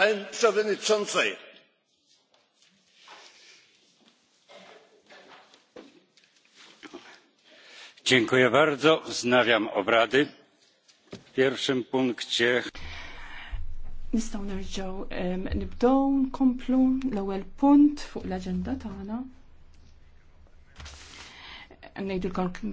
pani przewodniczącej! dziękuję bardzo wznawiam obrady. w pierwszym punkcie nistgħu nerġgħu nibdew nkomplu l-ewwel punt fuq l-aġenda tagħna ngħidulkom